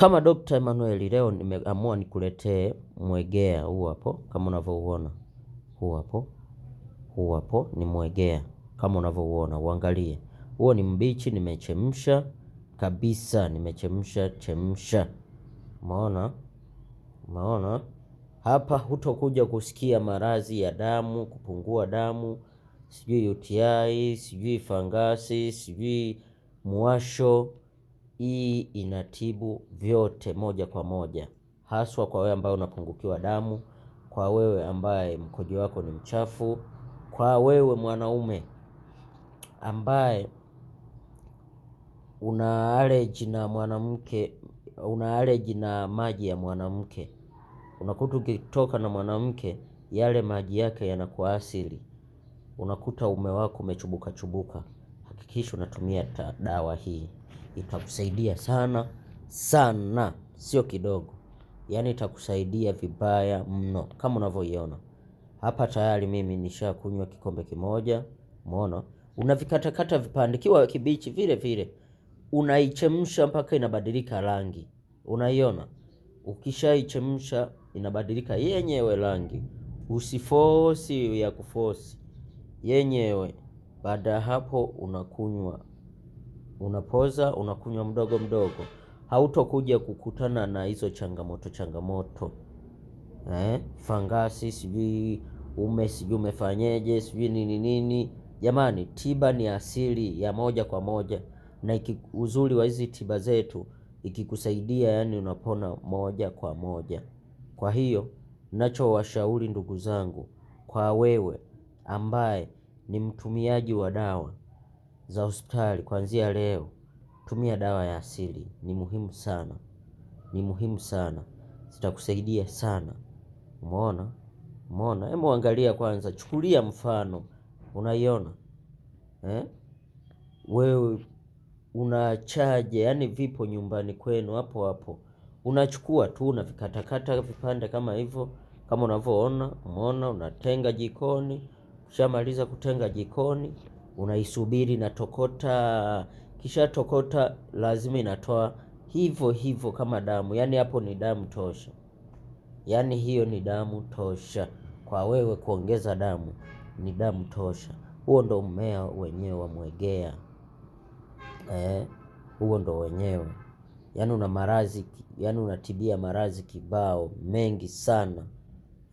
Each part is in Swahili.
Kama Dr. Emmanuel leo nimeamua nikuletee mwegea huu hapo, kama unavyouona huu hapo, huu hapo ni mwegea kama unavyouona, uangalie. Huo ni mbichi, nimechemsha kabisa, nimechemsha chemsha. Umeona? Umeona? Hapa hutokuja kusikia maradhi ya damu, kupungua damu, sijui UTI, sijui fangasi, sijui muasho, hii inatibu vyote moja kwa moja, haswa kwa wewe ambaye unapungukiwa damu, kwa wewe ambaye mkojo wako ni mchafu, kwa wewe mwanaume ambaye una allergy na mwanamke, una allergy na maji ya mwanamke. Unakuta ukitoka na mwanamke, yale maji yake yanakuwa asili, unakuta ume wako umechubuka chubuka hakikisha unatumia dawa hii, itakusaidia sana sana, sio kidogo. Yaani itakusaidia vibaya mno, kama unavyoiona hapa. Tayari mimi nishakunywa kikombe kimoja, umeona. Unavikatakata vipande, kiwa kibichi vile vile, unaichemsha mpaka inabadilika rangi, unaiona. Ukishaichemsha inabadilika yenyewe rangi, usifosi ya kufosi yenyewe. Baada ya hapo unakunywa, unapoza, unakunywa mdogo mdogo, hautokuja kukutana na hizo changamoto changamoto eh, fangasi sijui ume sijui umefanyeje sijui nini nini. Jamani, tiba ni asili ya moja kwa moja, na iki, uzuri wa hizi tiba zetu ikikusaidia, yani unapona moja kwa moja. Kwa hiyo nachowashauri ndugu zangu, kwa wewe ambaye ni mtumiaji wa dawa za hospitali kuanzia leo, tumia dawa ya asili, ni muhimu sana, ni muhimu sana, zitakusaidia sana. Umeona, umeona, hebu angalia kwanza, chukulia mfano, unaiona eh? Wewe una Yani vipo nyumbani kwenu hapo hapo, unachukua tu vikatakata vipande kama hivyo, kama unavyoona. Umeona, unatenga jikoni. Ushamaliza kutenga jikoni, unaisubiri natokota, kisha tokota lazima inatoa hivyo hivyo kama damu. Yaani hapo ni damu tosha, yaani hiyo ni damu tosha kwa wewe kuongeza damu, ni damu tosha. Huo ndo mmea wenyewe wa mwegea eh, huo ndo wenyewe. Yaani una maradhi, yaani unatibia maradhi kibao mengi sana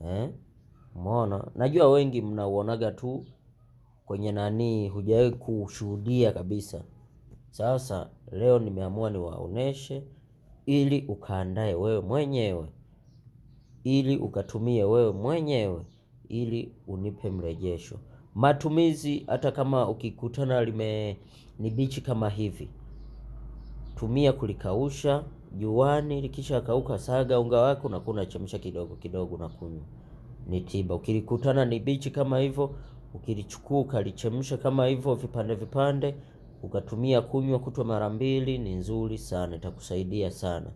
eh. Umeona, najua wengi mnauonaga tu kwenye nani, hujawahi kushuhudia kabisa. Sasa leo nimeamua niwaoneshe, ili ukaandae wewe mwenyewe, ili ukatumie wewe mwenyewe, ili unipe mrejesho. Matumizi hata kama ukikutana lime ni bichi kama hivi, tumia kulikausha juani, likisha kauka, saga unga wako, kuna chemsha kidogo kidogo, kunywa ni tiba. Ukilikutana ni bichi kama hivyo, ukilichukua ukalichemsha kama hivyo vipande vipande, ukatumia kunywa kutwa mara mbili, ni nzuri sana, itakusaidia sana.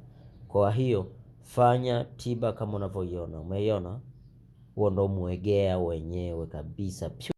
Kwa hiyo fanya tiba kama unavyoiona. Umeiona? Huo ndo mwegea wenyewe kabisa.